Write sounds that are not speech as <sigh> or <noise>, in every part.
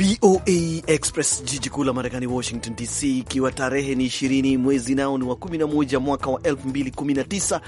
VOA Express, jiji kuu la Marekani, Washington DC, ikiwa tarehe ni ishirini mwezi nao ni wa 11 mwaka wa 2019.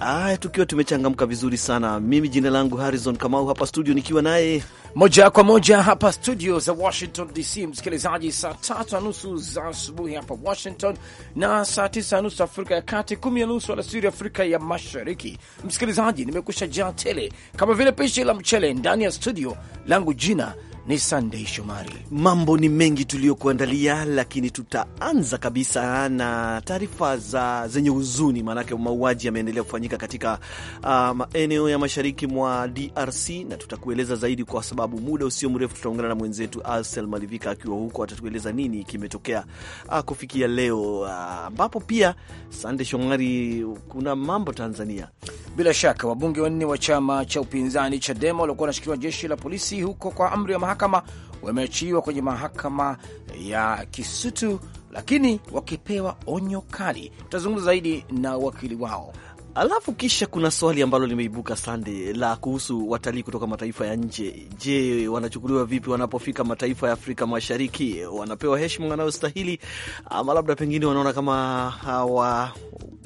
Aya, tukiwa tumechangamka vizuri sana. Mimi jina langu Harrison Kamau, hapa studio nikiwa naye moja kwa moja hapa studio za Washington DC. Msikilizaji, saa tatu na nusu za asubuhi hapa Washington na saa tisa na nusu Afrika ya Kati, kumi na nusu alasiri Afrika ya Mashariki. Msikilizaji, nimekusha jaa tele kama vile pishi la mchele ndani ya studio langu, jina ni sandey Shomari. Mambo ni mengi tuliyokuandalia, lakini tutaanza kabisa na taarifa za zenye huzuni, maanake mauaji yameendelea kufanyika katika ah, maeneo um, ya mashariki mwa DRC na tutakueleza zaidi, kwa sababu muda usio mrefu tutaungana na mwenzetu Alsel Malivika akiwa huko, atatueleza nini kimetokea ah, kufikia leo, ah, ambapo uh, pia sandey Shomari, kuna mambo Tanzania bila shaka wabunge wanne wa chama cha upinzani Chadema waliokuwa wanashikiliwa jeshi la polisi huko kwa amri ya mahakama wameachiwa kwenye mahakama ya Kisutu, lakini wakipewa onyo kali. Tutazungumza zaidi na wakili wao. Alafu kisha kuna swali ambalo limeibuka sande la kuhusu watalii kutoka mataifa ya nje. Je, wanachukuliwa vipi wanapofika mataifa ya Afrika Mashariki? Wanapewa heshima wanayostahili ama labda pengine wanaona kama hawa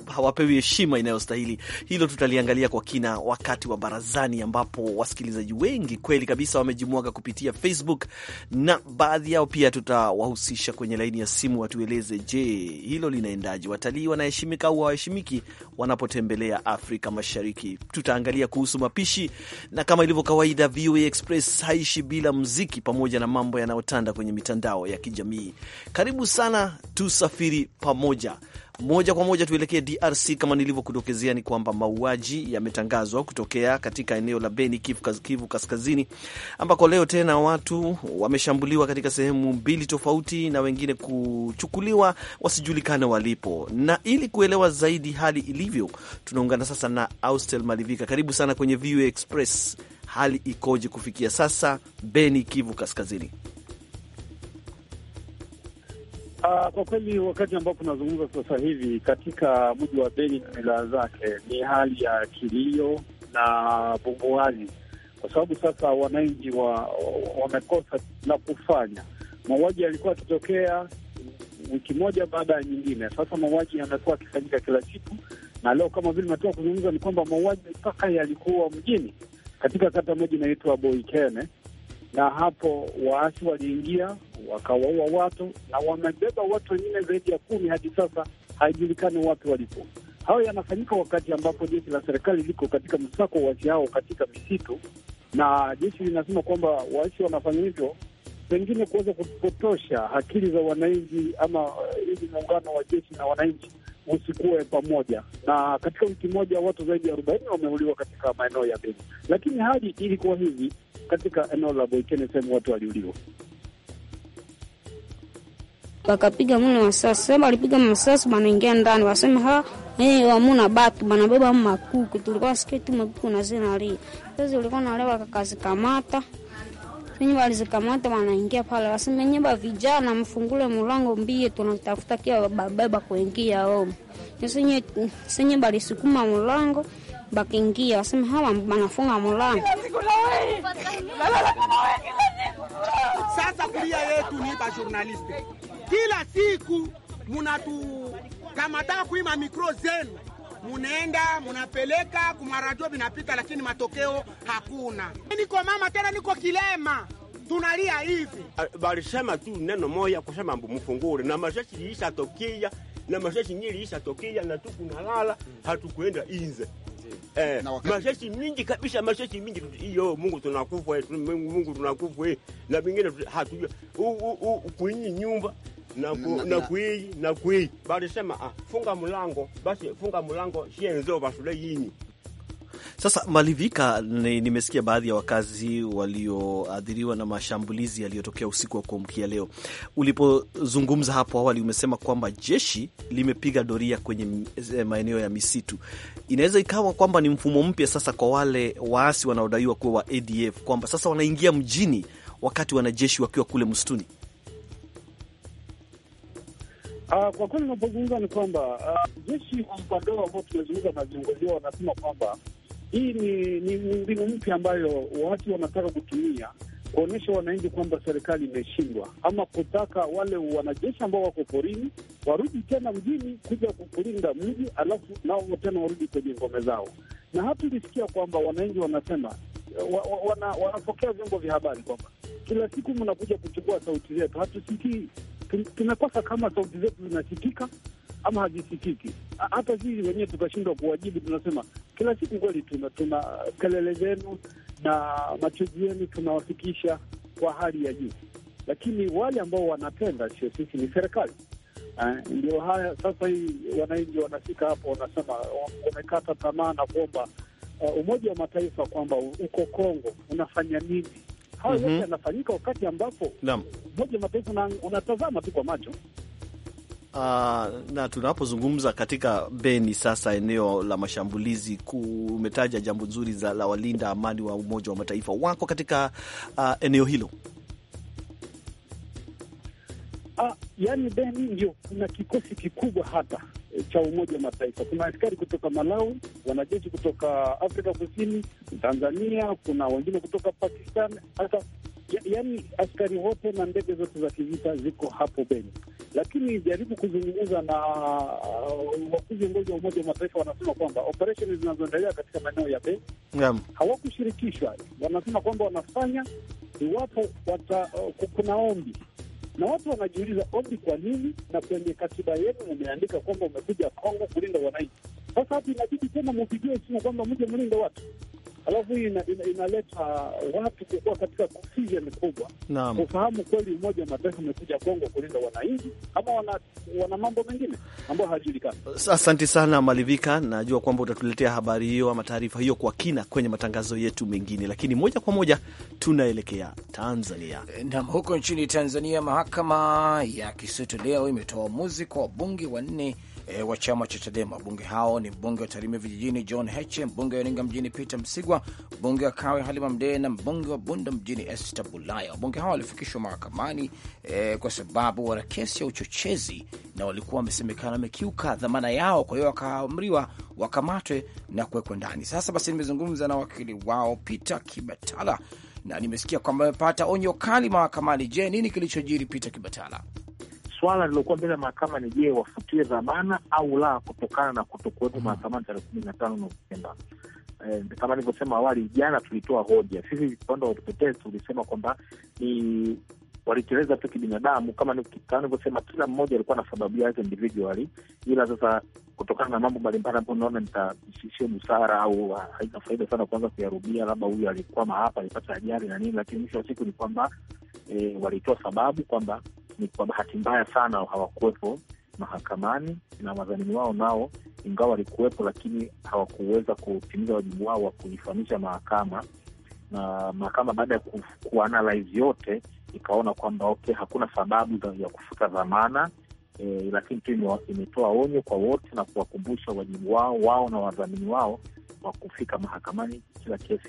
hawapewi heshima inayostahili. Hilo tutaliangalia kwa kina wakati wa barazani, ambapo wasikilizaji wengi kweli kabisa wamejimwaga kupitia Facebook na baadhi yao pia tutawahusisha kwenye laini ya simu watueleze, je, hilo linaendaje? Watalii wanaheshimika au hawaheshimiki wanapotembea kutembelea Afrika Mashariki. Tutaangalia kuhusu mapishi, na kama ilivyo kawaida, VOA Express haishi bila muziki pamoja na mambo yanayotanda kwenye mitandao ya kijamii. Karibu sana, tusafiri pamoja. Moja kwa moja tuelekee DRC. Kama nilivyokudokezea, ni kwamba mauaji yametangazwa kutokea katika eneo la Beni, Kivu Kaskazini, ambako leo tena watu wameshambuliwa katika sehemu mbili tofauti na wengine kuchukuliwa wasijulikane walipo. Na ili kuelewa zaidi hali ilivyo, tunaungana sasa na Austel Malivika. Karibu sana kwenye VOA Express. Hali ikoje kufikia sasa Beni, Kivu Kaskazini? Uh, kwa kweli wakati ambapo tunazungumza sasa hivi katika mji wa Beni na wilaya zake ni hali ya kilio na bumbuani, kwa sababu sasa wananchi wa wamekosa la kufanya. Mauaji yalikuwa yakitokea wiki moja baada ya nyingine, sasa mauaji yamekuwa yakifanyika kila siku, na leo kama vile natoka kuzungumza ni kwamba mauaji mpaka yalikuwa mjini katika kata moja inaitwa Boikene na hapo waasi waliingia wakawaua watu na wamebeba watu wengine zaidi ya kumi. Hadi sasa haijulikani wapi walipo. Hayo yanafanyika wakati ambapo jeshi la serikali liko katika msako wa waasi hao katika misitu, na jeshi linasema kwamba waasi wanafanya hivyo pengine kuweza kupotosha akili za wananchi ama uh, muungano wa jeshi na wananchi usikuwe pamoja. Na katika wiki moja watu zaidi ya arobaini wameuliwa katika maeneo ya Beni, lakini hali ilikuwa hivi katika eneo la Boikene, sehemu watu waliuliwa wakapiga mune masasi sema walipiga masasi wanaingia ndani wasema ha wamuna eh, batu banabeba makuku tulikuwa sketi makuku nazinalia zinalia sasa ulikuwa nalewa kakazikamata Wenye walizikamata wanaingia pale, wasimenye ba vijana, mfungule mulango mbie, tunatafuta kia babeba kuingia omu. Senye senye balisukuma mulango bakiingia, wasema hawa banafunga mulango. Sasa kulia yetu ni ba journaliste, kila siku munatukamata kuima mikro zenu munaenda munapeleka kumaradio, vinapita lakini matokeo hakuna. Niko mama tena, niko kilema tunalia hivi. Balisema tu neno moya kusema mbumufungule na mashashi isha tokia na mashashi nyingi isha tokia na tu kunalala hatukuenda inze. Eh, mashashi mingi kabisa, mashashi mingi hiyo. Mungu tunakufa, eh, Mungu tunakufa eh. na vingine hatujua kuinyi nyumba nakwii balisema ah, funga mlango basi, funga mlango sasa malivika, nimesikia ni baadhi ya wakazi walioathiriwa na mashambulizi yaliyotokea usiku wa kuamkia leo. Ulipozungumza hapo awali, umesema kwamba jeshi limepiga doria kwenye eh, maeneo ya misitu. Inaweza ikawa kwamba ni mfumo mpya sasa kwa wale waasi wanaodaiwa kuwa wa ADF, kwamba sasa wanaingia mjini wakati wanajeshi wakiwa kule msituni. Uh, kwa kweli unapozungumza ni kwamba ah, jeshi uh, wa ambao tumezungumza na viongozi wao wanasema kwamba hii ni mbinu mpya ambayo watu wanataka kutumia kuonyesha wananchi kwamba serikali imeshindwa, ama kutaka wale wanajeshi ambao wako porini warudi tena mjini kuja kulinda mji, alafu nao tena warudi kwenye ngome zao. Na hatulisikia kwamba wananchi wanasema wa, wa, wana, wanapokea vyombo vya habari kwamba kila siku mnakuja kuchukua sauti zetu, hatusikii tunakosa kama sauti zetu zinasikika ama hazisikiki. Hata sisi wenyewe tukashindwa kuwajibu. Tunasema kila siku kweli, tuna tuna kelele zenu na machozi yenu tunawafikisha kwa hali ya juu, lakini wale ambao wanatenda sio sisi, ni serikali. ndio haya sasa, hii wananchi wanafika hapo, wanasema wamekata tamaa na kuomba uh, Umoja wa Mataifa kwamba uko Kongo unafanya nini hayo yote mhm. yanafanyika wakati ambapo Umoja Mataifa unatazama tu kwa macho. Uh, na tunapozungumza katika Beni sasa, eneo la mashambulizi kumetaja jambo nzuri la walinda amani wa Umoja wa Mataifa wako katika uh, eneo hilo. Uh, yani Beni ndio kuna kikosi kikubwa hata Eh, cha Umoja wa Mataifa. Kuna askari kutoka Malawi, wanajeshi kutoka Afrika Kusini, Tanzania, kuna wengine kutoka Pakistan hata ya, yaani askari wote na ndege zote za kivita ziko hapo Beni, lakini jaribu kuzungumza na uh, wakuu viongozi wa Umoja wa Mataifa wanasema kwamba operesheni zinazoendelea katika maeneo ya Beni yeah, hawakushirikishwa. Wanasema kwamba wanafanya iwapo uh, kuna ombi na watu wanajiuliza ombi kwa nini, na kwenye katiba yenu mumeandika kwamba umekuja Kongo kulinda wananchi. Sasa hapo inabidi tena mupigie simu kwamba mje mlinde watu alafu hii inaleta watu kukuwa katika confusion kubwa, kufahamu kweli Umoja wa Mataifa umekuja Kongo kulinda wananchi ama wana, wana mambo mengine ambayo hayajulikani. Asante sana Malivika, najua kwamba utatuletea habari hiyo ama taarifa hiyo kwa kina kwenye matangazo yetu mengine, lakini moja kwa moja tunaelekea Tanzania. Nam, huko nchini Tanzania, mahakama ya Kisutu leo imetoa uamuzi kwa wabunge wanne e, wa chama cha Chadema. Wabunge hao ni mbunge wa Tarime vijijini John Heche, mbunge wa Iringa mjini Peter Msigwa, mbunge wa Kawe Halima Mdee na mbunge wa Bunda mjini Esther Bulaya. Wabunge hao walifikishwa mahakamani e, kwa sababu wana kesi ya uchochezi na walikuwa wamesemekana wamekiuka dhamana yao, kwa hiyo wakaamriwa wakamatwe na kuwekwa ndani. Sasa basi, nimezungumza na wakili wao Peter Kibatala na nimesikia kwamba amepata onyo kali mahakamani. Je, nini kilichojiri, Peter Kibatala? swala lilokuwa mbele ya mahakama ni je, wafutie dhamana au la, kutokana na kutokuwepo mm-hmm. mahakamani tarehe kumi na tano Novemba. E, eh, kama nilivyosema awali, jana tulitoa hoja sisi upande wa utetezi, tulisema kwamba ni waliteleza tu kibinadamu, kama nilivyosema, kila mmoja alikuwa na sababu yake individually, ila sasa kutokana na mambo mbalimbali ambayo naona nitasishia busara au uh, haina faida sana kuanza kuyarudia, labda huyu alikwama hapa, alipata ajali na nini, lakini mwisho wa siku ni kwamba e, walitoa sababu kwamba ni kwa bahati mbaya sana hawakuwepo mahakamani na wadhamini wao nao ingawa walikuwepo, lakini hawakuweza kutimiza wajibu wao wa kuifahamisha mahakama, na mahakama baada ya kuanalaizi yote ikaona kwamba okay, hakuna sababu ya kufuta dhamana e, lakini tu imetoa onyo kwa wote na kuwakumbusha wajibu wao wao na wadhamini wao wa kufika mahakamani kila kesi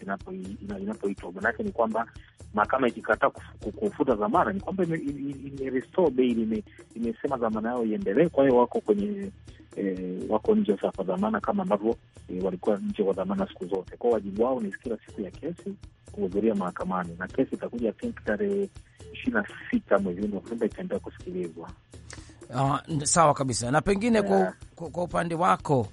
inapoitwa. Manake ni kwamba mahakama ikikataa kufuta dhamana ni kwamba imerestore bail, imesema dhamana yao iendelee. Kwa hiyo wako kwenye E, wako nje sasa kwa dhamana kama ambavyo e, walikuwa nje kwa dhamana siku zote. Kwao wajibu wao ni kila siku ya kesi kuhudhuria mahakamani, na kesi itakuja tarehe ishirini na sita mwezi wa Novemba itaendelea kusikilizwa. Uh, sawa kabisa. Na pengine yeah, kwa upande wako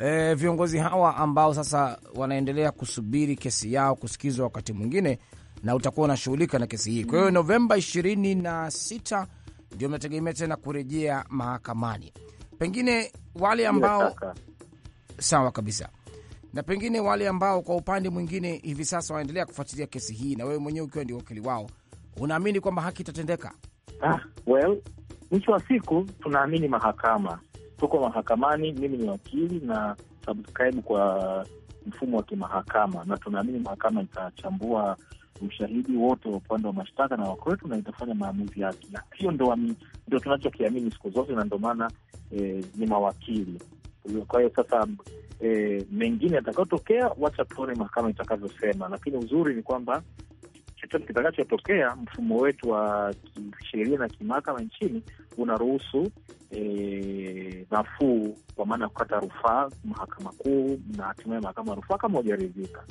e, viongozi hawa ambao sasa wanaendelea kusubiri kesi yao kusikizwa wakati mwingine, na utakuwa unashughulika na kesi hii. Kwa hiyo Novemba 26 na ndio mnategemea tena kurejea mahakamani, pengine wale ambao sawa kabisa na pengine wale ambao kwa upande mwingine hivi sasa wanaendelea kufuatilia kesi hii, na wewe mwenyewe ukiwa ndio wakili wao, unaamini kwamba haki itatendeka? Ah, well, mwisho wa siku tunaamini mahakama tuko mahakamani. Mimi ni wakili na subscribe kwa mfumo wa kimahakama, na tunaamini mahakama itachambua ushahidi wote wa upande wa mashtaka na wakwetu na itafanya maamuzi yake, na hiyo ndo ndo tunachokiamini siku zote, na ndo maana e, ni mawakili. Kwa hiyo sasa e, mengine yatakayotokea, wacha tuone mahakama itakavyosema, lakini uzuri ni kwamba chochote kitakachotokea, mfumo wetu wa kisheria na kimahakama nchini unaruhusu e, nafuu kwa maana ya kukata rufaa mahakama kuu na hatimaye mahakama ya rufaa kama hujaridhika.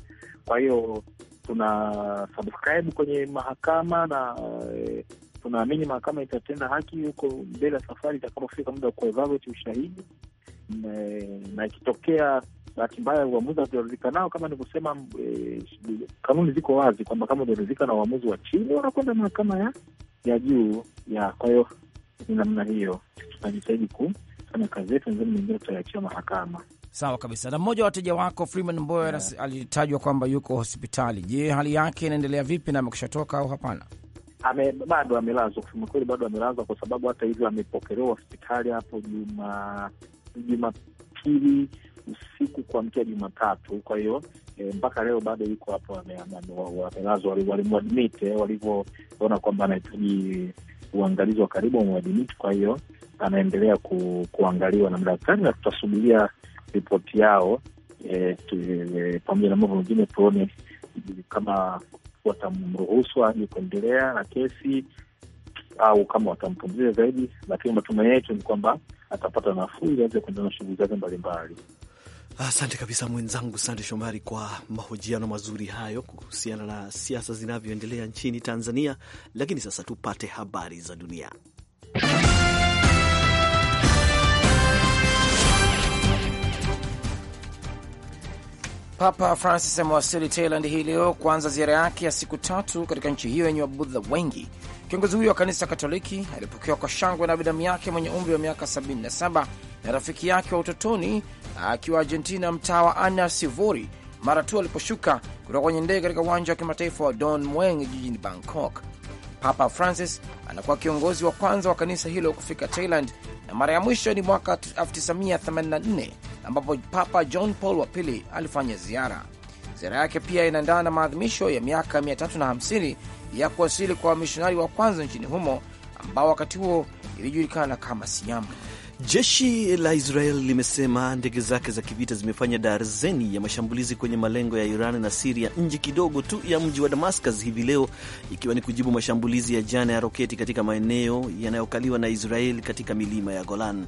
Kwa hiyo tuna subscribe kwenye mahakama na e, tunaamini mahakama itatenda haki huko mbele ya safari itakapofika muda wa kuevaluate ushahidi eh, na ikitokea bahati mbaya uamuzi hatujaridhika nao. Kama nilivyosema, e, kanuni ziko wazi kwamba kama hujaridhika na uamuzi wa chini wanakwenda mahakama ya ya juu ya. Kwa hiyo ni namna hiyo, tunajitahidi kufanya kazi yetu, mengine tutaiachia mahakama. Sawa kabisa. Na mmoja wa wateja wako Freeman Mbowe yeah, alitajwa kwamba yuko hospitali. Je, hali yake inaendelea vipi na amekushatoka au hapana? Ame, bado amelazwa. Kusema kweli, bado amelazwa kwa sababu hata hivyo amepokelewa hospitali hapo Juma Jumapili usiku kuamkia Jumatatu. Kwa hiyo e, mpaka leo bado yuko hapo, wamelazwa. Walimwadmit eh, walivyoona kwamba anahitaji uangalizi wa karibu, wamwadmit. Kwa hiyo anaendelea ku, kuangaliwa na madaktari na tutasubiria ripoti yao e, e, pamoja na mambo mengine tuone kama watamruhusu aje kuendelea na kesi au kama watampumzia zaidi, lakini matumaini yetu ni kwamba atapata nafuu ili aweze kuendelea na shughuli zake mbalimbali. Asante kabisa mwenzangu, sande Shomari, kwa mahojiano mazuri hayo kuhusiana na siasa zinavyoendelea nchini Tanzania. Lakini sasa tupate habari za dunia. Papa Francis amewasili Thailand hii leo kuanza ziara yake ya siku tatu katika nchi hiyo yenye Wabudha wengi Kiongozi huyo wa kanisa Katoliki alipokewa kwa shangwe na binamu yake mwenye umri wa miaka 77 na rafiki yake wa utotoni akiwa Argentina, mtaa wa Ana Sivori, mara tu aliposhuka kutoka kwenye ndege katika uwanja wa kimataifa wa Don Mueang jijini Bangkok. Papa Francis anakuwa kiongozi wa kwanza wa kanisa hilo kufika Thailand, na mara ya mwisho ni mwaka 1984 ambapo Papa John Paul wa pili alifanya ziara. Ziara yake pia inaendana na maadhimisho ya miaka 350 ya kuwasili kwa wamishonari wa kwanza nchini humo ambao wakati huo ilijulikana kama Siam. Jeshi la Israel limesema ndege zake za kivita zimefanya darzeni ya mashambulizi kwenye malengo ya Iran na Siria nje kidogo tu ya mji wa Damascus hivi leo, ikiwa ni kujibu mashambulizi ya jana ya roketi katika maeneo yanayokaliwa na Israel katika milima ya Golan.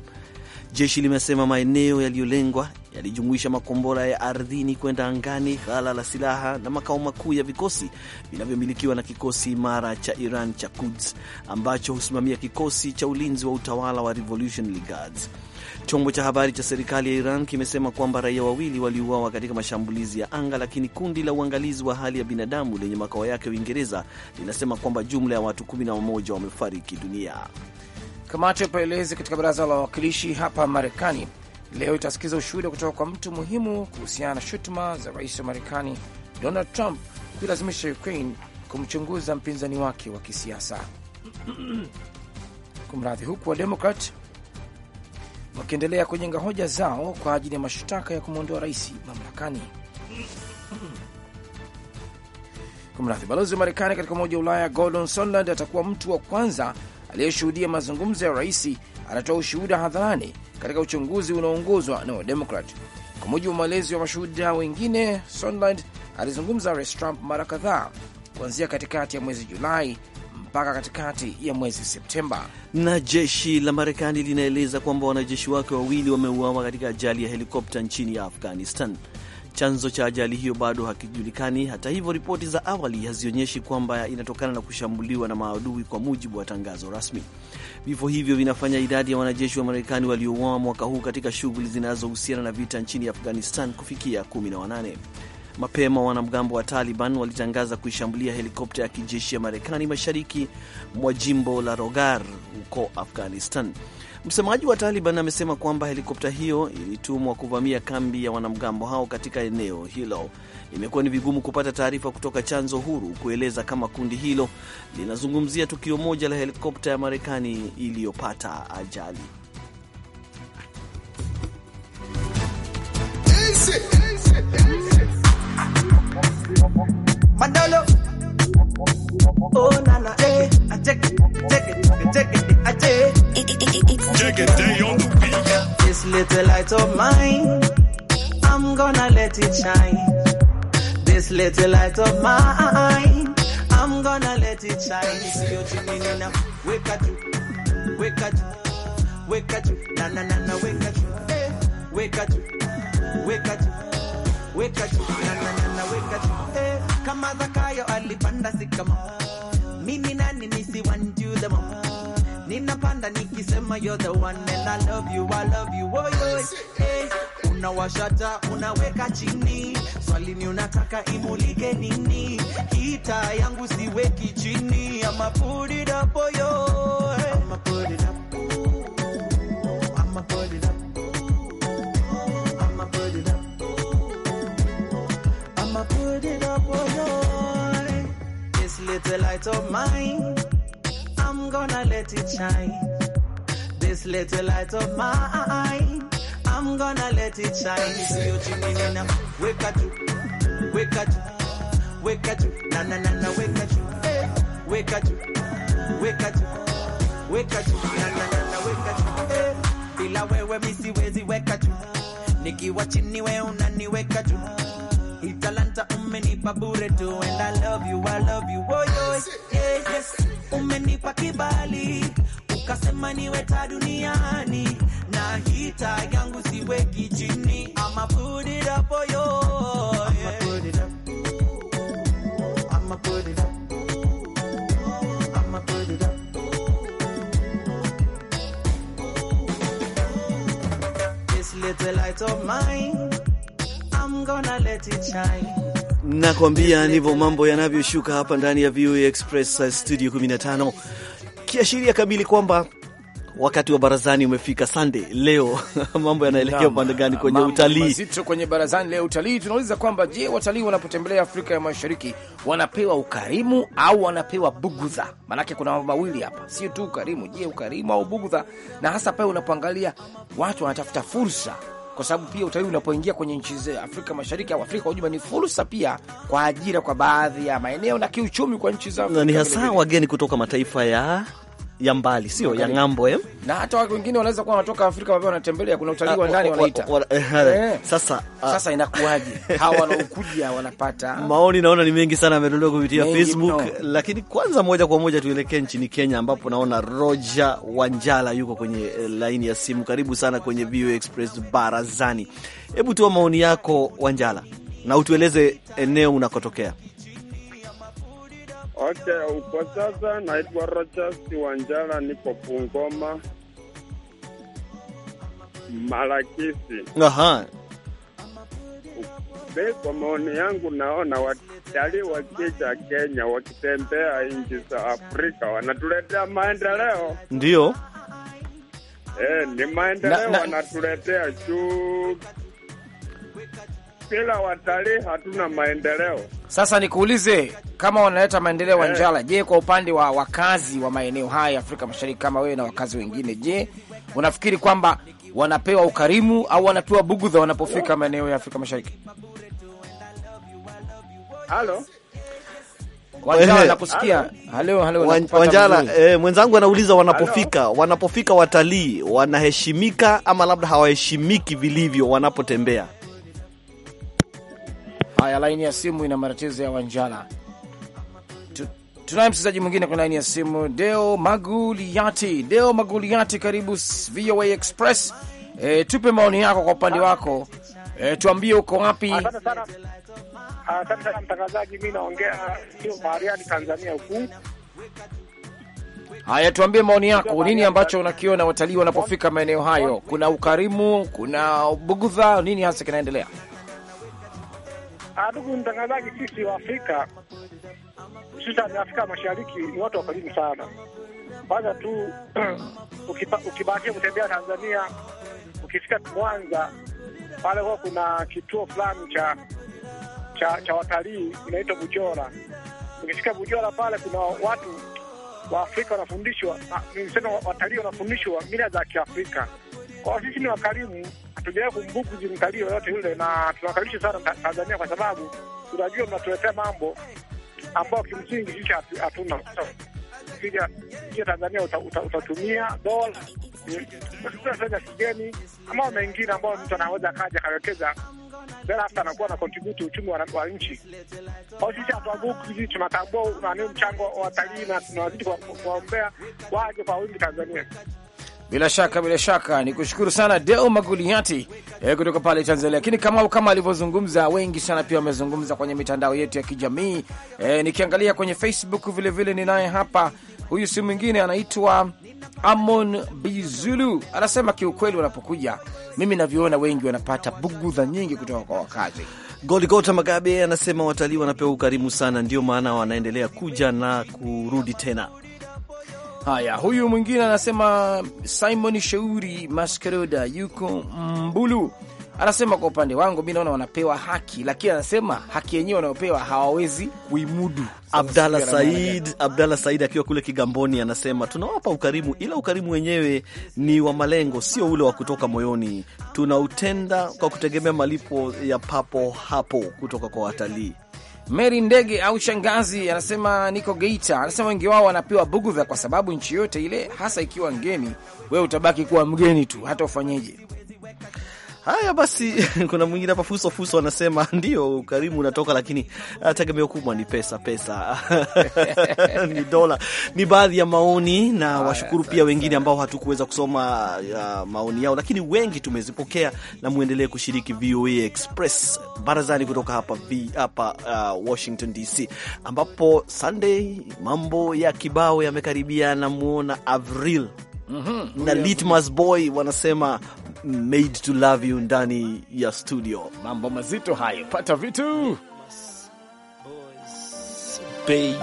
Jeshi limesema maeneo yaliyolengwa yalijumuisha makombora ya ardhini kwenda angani, ghala la silaha na makao makuu ya vikosi vinavyomilikiwa na kikosi imara cha Iran cha Quds ambacho husimamia kikosi cha ulinzi wa utawala wa Revolutionary Guards. Chombo cha habari cha serikali ya Iran kimesema kwamba raia wawili waliuawa katika mashambulizi ya anga, lakini kundi la uangalizi wa hali ya binadamu lenye makao yake Uingereza linasema kwamba jumla ya watu 11 wamefariki dunia. Kamati ya upelelezi katika baraza la wawakilishi hapa Marekani leo itasikiza ushuhuda kutoka kwa mtu muhimu kuhusiana na shutuma za rais wa Marekani Donald Trump kuilazimisha Ukraine kumchunguza mpinzani wake wa kisiasa <clears throat> kumradhi, huku Wademokrat wakiendelea kujenga hoja zao kwa ajili ya mashtaka ya kumwondoa rais mamlakani. <clears throat> Kumradhi, balozi wa Marekani katika Umoja wa Ulaya Gordon Sondland atakuwa mtu wa kwanza aliyeshuhudia mazungumzo ya rais anatoa ushuhuda hadharani katika uchunguzi unaoongozwa na Wademokrat. Kwa mujibu wa maelezo ya mashuhuda wengine, Sondland alizungumza rais Trump mara kadhaa kuanzia katikati ya mwezi Julai mpaka katikati ya mwezi Septemba. Na jeshi la Marekani linaeleza kwamba wanajeshi wake wawili wameuawa katika ajali ya helikopta nchini ya Afghanistan. Chanzo cha ajali hiyo bado hakijulikani. Hata hivyo, ripoti za awali hazionyeshi kwamba inatokana na kushambuliwa na maadui, kwa mujibu wa tangazo rasmi. Vifo hivyo vinafanya idadi ya wanajeshi wa Marekani waliouawa mwaka huu katika shughuli zinazohusiana na vita nchini Afghanistan kufikia 18. Mapema wanamgambo wa Taliban walitangaza kuishambulia helikopta ya kijeshi ya Marekani mashariki mwa jimbo la Rogar huko Afghanistan. Msemaji wa Taliban amesema kwamba helikopta hiyo ilitumwa kuvamia kambi ya wanamgambo hao katika eneo hilo. Imekuwa ni vigumu kupata taarifa kutoka chanzo huru kueleza kama kundi hilo linazungumzia tukio moja la helikopta ya Marekani iliyopata ajali. Madolo. Oh na na eh, I check it, check it, check it, I check it. Check it, day on the beat. This little light of mine, I'm gonna let it shine. This little light of mine, I'm gonna let it shine. If you're now, wake at you, wake at you, wake at you, na na na na, wake at you, eh, wake at you, wake at you, wake at you, na na na na, wake at you. kama Zakayo alipanda sikama, mimi nani nisi one you the mom, ninapanda nikisema you're the one and I love you, I love you oh, eh, yo, hey. Unawashata unaweka chini, swali ni unataka imulike nini? Kita yangu siweki chini, ama put it up oh, yo, ama put it up. oh, Ama put it up. little light of mine, I'm gonna let it shine. This little light of mine, I'm gonna let it shine. See Wake up, wake up, wake up, na na na na, wake up, wake up, wake up, wake up, na na na na, wake up. Bila wewe mimi siwezi weka tu, nikiwa chini wewe unaniweka tu Hii talanta umenipa bure tu and I love you, I love you, oh yo, yes, yes. Umenipa kibali ukasema ta duniani na hita yangu siweki chini ama put it up, oh yo, light of mine Nakwambia ndivyo mambo yanavyoshuka hapa ndani ya VOA Express eh, studio 15, kiashiria kamili kwamba wakati wa barazani umefika. Sande, leo <laughs> mambo yanaelekea upande gani kwenye utalii? Mazito kwenye barazani leo, utalii. Tunauliza kwamba je, watalii wanapotembelea Afrika ya Mashariki wanapewa ukarimu au wanapewa bugudha? Maanake kuna mambo mawili hapa, sio tu ukarimu. Je, ukarimu au bugudha? Na hasa pale unapoangalia watu wanatafuta fursa kwa sababu pia utalii unapoingia kwenye nchi za Afrika Mashariki au Afrika ujuma, ni fursa pia kwa ajira kwa baadhi ya maeneo na kiuchumi kwa nchi za Afrika. Ni hasa wageni kutoka mataifa ya ya mbali, sio ya ng'ambo eh? Na hata watu wengine wanaweza kuwa wanatoka Afrika wapi, wanatembelea, kuna utalii wa ah, ndani wanaita. Eh, eh. Sasa ah. sasa inakuwaje? Hawa wanaokuja wanapata maoni, naona ni mengi sana yamedondoka kupitia Facebook, lakini kwanza, moja kwa moja tuelekee nchini Kenya ambapo naona Roger Wanjala yuko kwenye eh, laini ya simu. Karibu sana kwenye VOA Express barazani. Hebu toa maoni yako Wanjala, na utueleze eneo unakotokea. Okay, kwa sasa naitwa Rogers Wanjala, niko Pungoma Malakisi. Aha. Be, kwa maoni yangu naona watalii wakija Kenya wakitembea nchi za Afrika wanatuletea maendeleo. Ndio. Eh, ni maendeleo wanatuletea juu bila watalii hatuna maendeleo. Sasa nikuulize, kama wanaleta maendeleo wa eh. njala, je, kwa upande wa wakazi wa maeneo haya ya Afrika Mashariki kama wewe na wakazi wengine, je, unafikiri kwamba wanapewa ukarimu au wanapewa bugudha wanapofika maeneo ya Afrika Mashariki? Halo. Wanjala, eh. eh, mwenzangu anauliza wanapofika, wanapofika watalii wanaheshimika ama labda hawaheshimiki vilivyo wanapotembea? Haya, laini ya simu ina matatizo ya Wanjala. Tunaye msikilizaji mwingine kwenye laini ya simu, Deo Maguliati. Deo Maguliati, karibu VOA Express. E, tupe maoni yako kwa upande wako. E, tuambie uko wapi? Asante sana, mtangazaji. naongea sio Mariani, Tanzania huku. Haya, tuambie maoni yako, nini ambacho unakiona watalii wanapofika maeneo hayo? Kuna ukarimu, kuna bugudha, nini hasa kinaendelea? Ndugu mtangazaji, sisi wa Afrika hususani Afrika Mashariki ni watu wa karibu sana. Kwanza tu <clears throat> ukibahatia kutembea Tanzania, ukifika Mwanza pale huwa kuna kituo fulani cha cha, cha watalii inaitwa Bujora. Ukifika Bujora pale kuna watu wa Afrika wanafundishwa, ah, nilisema watalii wanafundishwa mila za Kiafrika. Kwa sisi ni wakarimu tuendelee kumbuku jimtalii yoyote yule, na tunakaribisha sana Tanzania kwa sababu tunajua mnatuletea mambo ambayo kimsingi sisi hatuna. Kija Tanzania utatumia dola za kigeni ama mengine ambayo mtu anaweza akaja akawekeza bila hata anakuwa na contribute uchumi wa nchi. Au sisi hatuanguki, tunatambua nani mchango wa watalii na tunawazidi kuwaombea waje kwa wingi Tanzania. Bila shaka bila shaka ni kushukuru sana Deo Maguliati eh, kutoka pale Tanzania. Lakini kama kama alivyozungumza, wengi sana pia wamezungumza kwenye mitandao yetu ya kijamii eh, nikiangalia kwenye Facebook vilevile, ninaye hapa huyu si mwingine anaitwa Amon Bizulu anasema kiukweli, wanapokuja mimi navyoona wengi wanapata bugudha nyingi kutoka kwa wakazi. Goligota Magabe anasema watalii wanapewa ukarimu sana, ndio maana wanaendelea kuja na kurudi tena. Haya, huyu mwingine anasema Simon Shauri Maskeroda yuko Mbulu, anasema kwa upande wangu mi naona wanapewa haki, lakini anasema haki yenyewe wanayopewa hawawezi kuimudu. Abdalla Said, Abdalla Said akiwa kule Kigamboni anasema tunawapa ukarimu, ila ukarimu wenyewe ni wa malengo, sio ule wa kutoka moyoni. Tunautenda kwa kutegemea malipo ya papo hapo kutoka kwa watalii. Mary Ndege au Shangazi anasema niko Geita, anasema wengi wao wanapewa bugudha kwa sababu nchi yote ile, hasa ikiwa ngeni, wewe utabaki kuwa mgeni tu, hata ufanyeje. Haya basi, <laughs> kuna mwingine hapa fuso fuso anasema ndio ukarimu unatoka, lakini ah, tegemeo kubwa ni pesa pesa <laughs> ni dola. Ni baadhi ya maoni na ah, washukuru pia wengine ambao hatukuweza kusoma ya maoni yao, lakini wengi tumezipokea, na muendelee kushiriki VOA Express barazani kutoka hapa hapa uh, Washington DC, ambapo Sunday mambo ya kibao yamekaribia. Namwona Avril mm -hmm. na Litmus Boy wanasema made to love you ndani ya studio. Mambo mazito hayo, pata vitu baby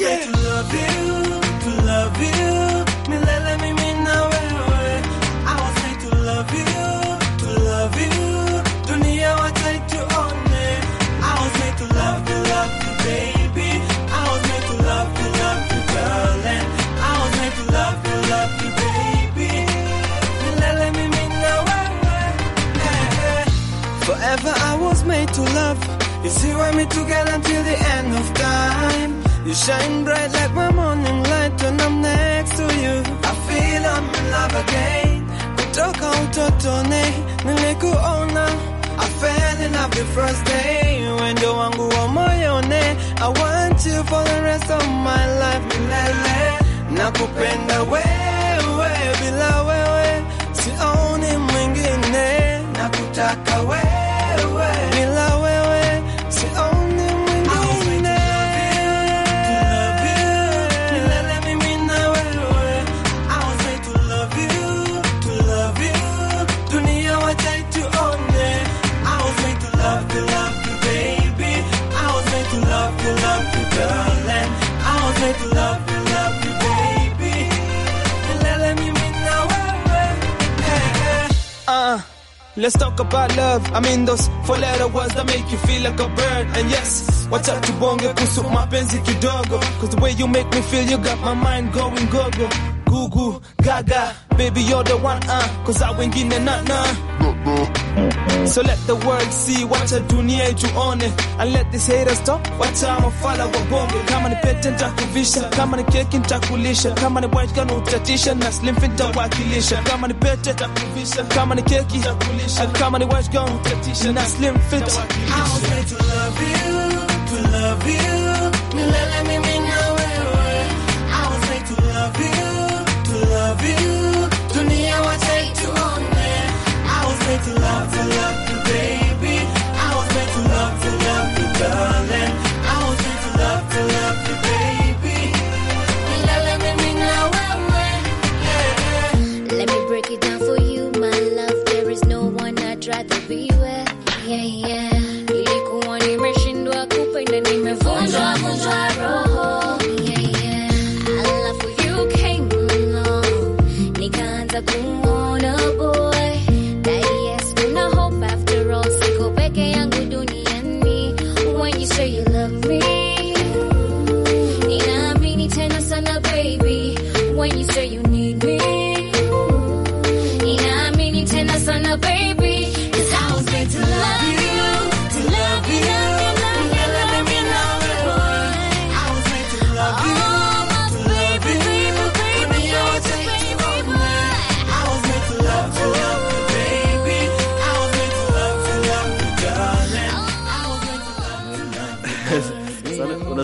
yeah. love to love. You see why me together until the end of time. You shine bright like my morning light when I'm next to you. I feel I'm in love again. kutoka utotone nilikuona I fell in love the first day you wangu wa moyone I want you for the rest of my life milele nakupenda wewe bila wewe Let's talk about love. I mean those four letter words that make you feel like a bird. And yes, watch out to wacha tubonge kuhusu mapenzi kidogo. Cause the way you make me feel, you got my mind going go-go. Goo goo, gaga, baby you're the one uh. Cause I wingin' na na. So let the world see, what wacha dunia ituone And let this haters talk. What stop, wacha mafala wabonge Kama ni come on kama and keki nitakulisha Kama ni white kana utatisha, na slim fit Come Kama the pete nitakuvisha, kama ni keki nitakulisha Kama ni white kana utatisha, na slim fit nitawakilisha I was made to love you, to love you Milele mimi meant to love, to love you, baby. I was meant to love, to love you, darling. when you say you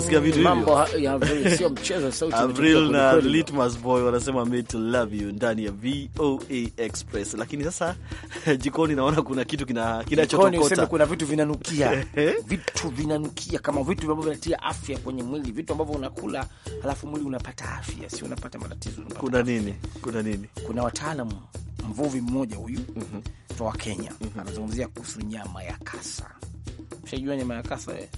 Unasikia vitu hivyo, mambo <laughs> ya sio mchezo. Sauti Avril na Litmus Boy wanasema meet love you ndani ya VOA Express. Lakini sasa <laughs> jikoni, naona kuna kitu kina kinachotokota kuna vitu vinanukia <laughs> vitu vinanukia kama vitu ambavyo vinatia afya kwenye mwili, vitu ambavyo unakula halafu mwili unapata afya, si unapata matatizo. Kuna nini? Kuna nini? Kuna wataalamu, mvuvi mmoja huyu mm -hmm. Kenya mm -hmm. anazungumzia kuhusu nyama ya kasa Ushajua nyama ya kasa wewe?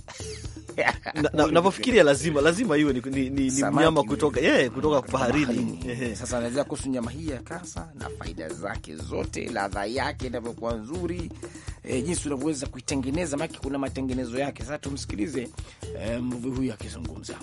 Eh. <laughs> Navyofikiria lazima lazima iwe ni, ni, ni, ni mnyama kutoka yeah, kutoka baharini. Sasa anaelezea kuhusu nyama hii ya kasa na faida zake zote, ladha yake inavyokuwa nzuri e, jinsi unavyoweza kuitengeneza, maana kuna matengenezo yake. Sasa tumsikilize e, mvuvi huyu akizungumza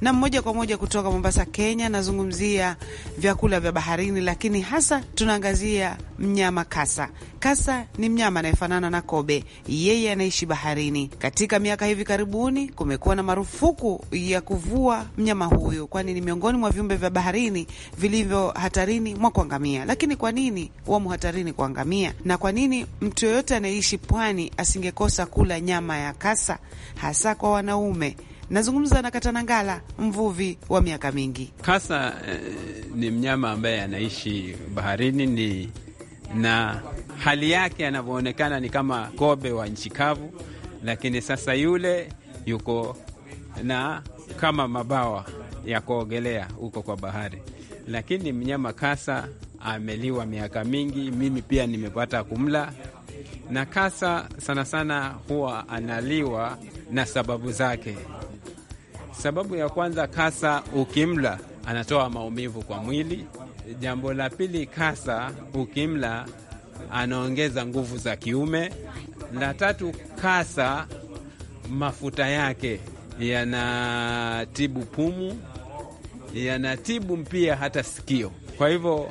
na moja kwa moja kutoka Mombasa, Kenya. Nazungumzia vyakula vya baharini, lakini hasa tunaangazia mnyama kasa. Kasa ni mnyama anayefanana na kobe, yeye anaishi baharini. Katika miaka hivi karibuni, kumekuwa na marufuku ya kuvua mnyama huyu, kwani ni miongoni mwa viumbe vya baharini vilivyo hatarini mwa kuangamia. Lakini kwa nini wamo hatarini kuangamia, na kwa nini mtu yoyote anayeishi pwani asingekosa kula nyama ya kasa, hasa kwa wanaume? Nazungumza na Katanangala, mvuvi wa miaka mingi. Kasa eh, ni mnyama ambaye anaishi baharini ni na hali yake yanavyoonekana ni kama kobe wa nchi kavu, lakini sasa yule yuko na kama mabawa ya kuogelea huko kwa bahari. Lakini mnyama kasa ameliwa miaka mingi, mimi pia nimepata kumla. Na kasa sana sana huwa analiwa na sababu zake. Sababu ya kwanza, kasa ukimla anatoa maumivu kwa mwili. Jambo la pili, kasa ukimla anaongeza nguvu za kiume. La tatu, kasa mafuta yake yanatibu pumu, yanatibu pia hata sikio. Kwa hivyo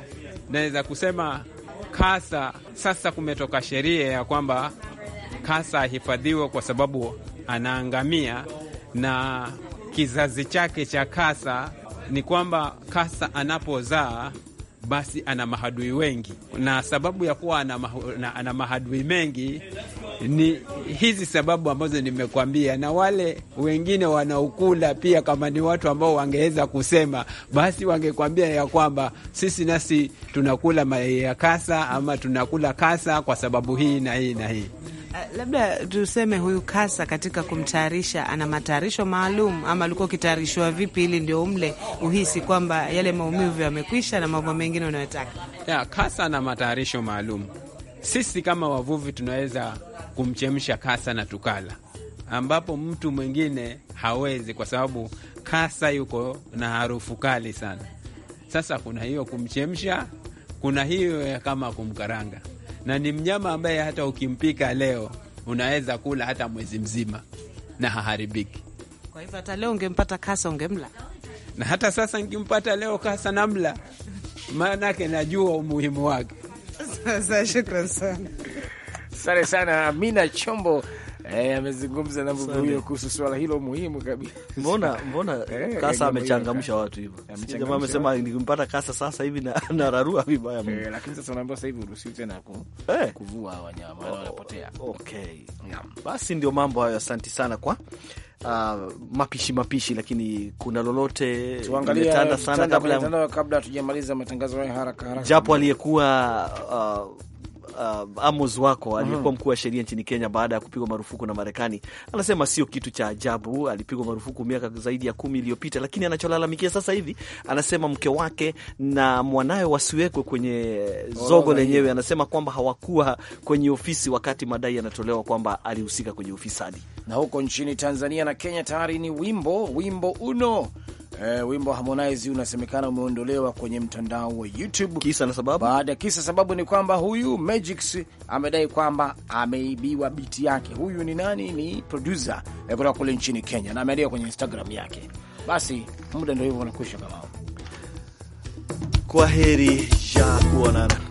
naweza kusema kasa, sasa kumetoka sheria ya kwamba kasa ahifadhiwe kwa sababu anaangamia na kizazi chake cha kasa ni kwamba kasa anapozaa basi ana mahadui wengi, na sababu ya kuwa ana, na, ana mahadui mengi ni hizi sababu ambazo nimekwambia, na wale wengine wanaokula pia, kama ni watu ambao wangeweza kusema, basi wangekwambia ya kwamba sisi nasi tunakula mayai ya kasa ama tunakula kasa kwa sababu hii na hii na hii. Eh, labda tuseme huyu kasa katika kumtayarisha, ana matayarisho maalum ama alikuwa ukitayarishwa vipi ili ndio umle uhisi kwamba yale maumivu yamekwisha na mambo mengine unayotaka? Yeah, kasa ana matayarisho maalum. Sisi kama wavuvi tunaweza kumchemsha kasa na tukala, ambapo mtu mwingine hawezi, kwa sababu kasa yuko na harufu kali sana. Sasa kuna hiyo kumchemsha, kuna hiyo kama kumkaranga na ni mnyama ambaye hata ukimpika leo unaweza kula hata mwezi mzima na haharibiki. Kwa hivyo hata leo ungempata kasa ungemla, na hata sasa nkimpata leo kasa namla, maanake najua umuhimu wake. <laughs> Sasa shukran sana. Asante sana Amina Chombo Eh, amezungumza na mbunge huyo kuhusu swala hilo muhimu kabisa. Mbona mbona eh, Kasa yaani amechangamsha watu hivyo. Jamaa amesema Kasa sasa hivi na nararua vibaya mno. Eh, lakini sasa unaambiwa sasa hivi tena ku, eh, kuvua wanyama wanapotea. Oh, okay. Basi ndio mambo hayo, asanti sana kwa Uh, mapishi mapishi, lakini kuna lolote tuangalia sana kabla kabla matangazo haraka haraka, japo aliyekuwa uh, uh, Amos wako mm. aliyekuwa mkuu wa sheria nchini Kenya baada ya kupigwa marufuku na Marekani, anasema sio kitu cha ajabu. Alipigwa marufuku miaka zaidi ya kumi iliyopita, lakini anacholalamikia sasa hivi, anasema mke wake na mwanawe wasiwekwe kwenye zogo lenyewe. Anasema kwamba hawakuwa kwenye ofisi wakati madai yanatolewa kwamba alihusika kwenye ufisadi. Na huko nchini Tanzania na Kenya tayari ni wimbo wimbo uno Eh, wimbo wa Harmonize unasemekana umeondolewa kwenye mtandao wa YouTube. Kisa na sababu? Baada kisa sababu ni kwamba huyu Magix amedai kwamba ameibiwa biti yake. Huyu ni nani? Ni producer eh, kutoka kule nchini Kenya na ameandika kwenye Instagram yake. Basi muda ndio hivyo unakwisha kama. Kwa heri ya kuonana.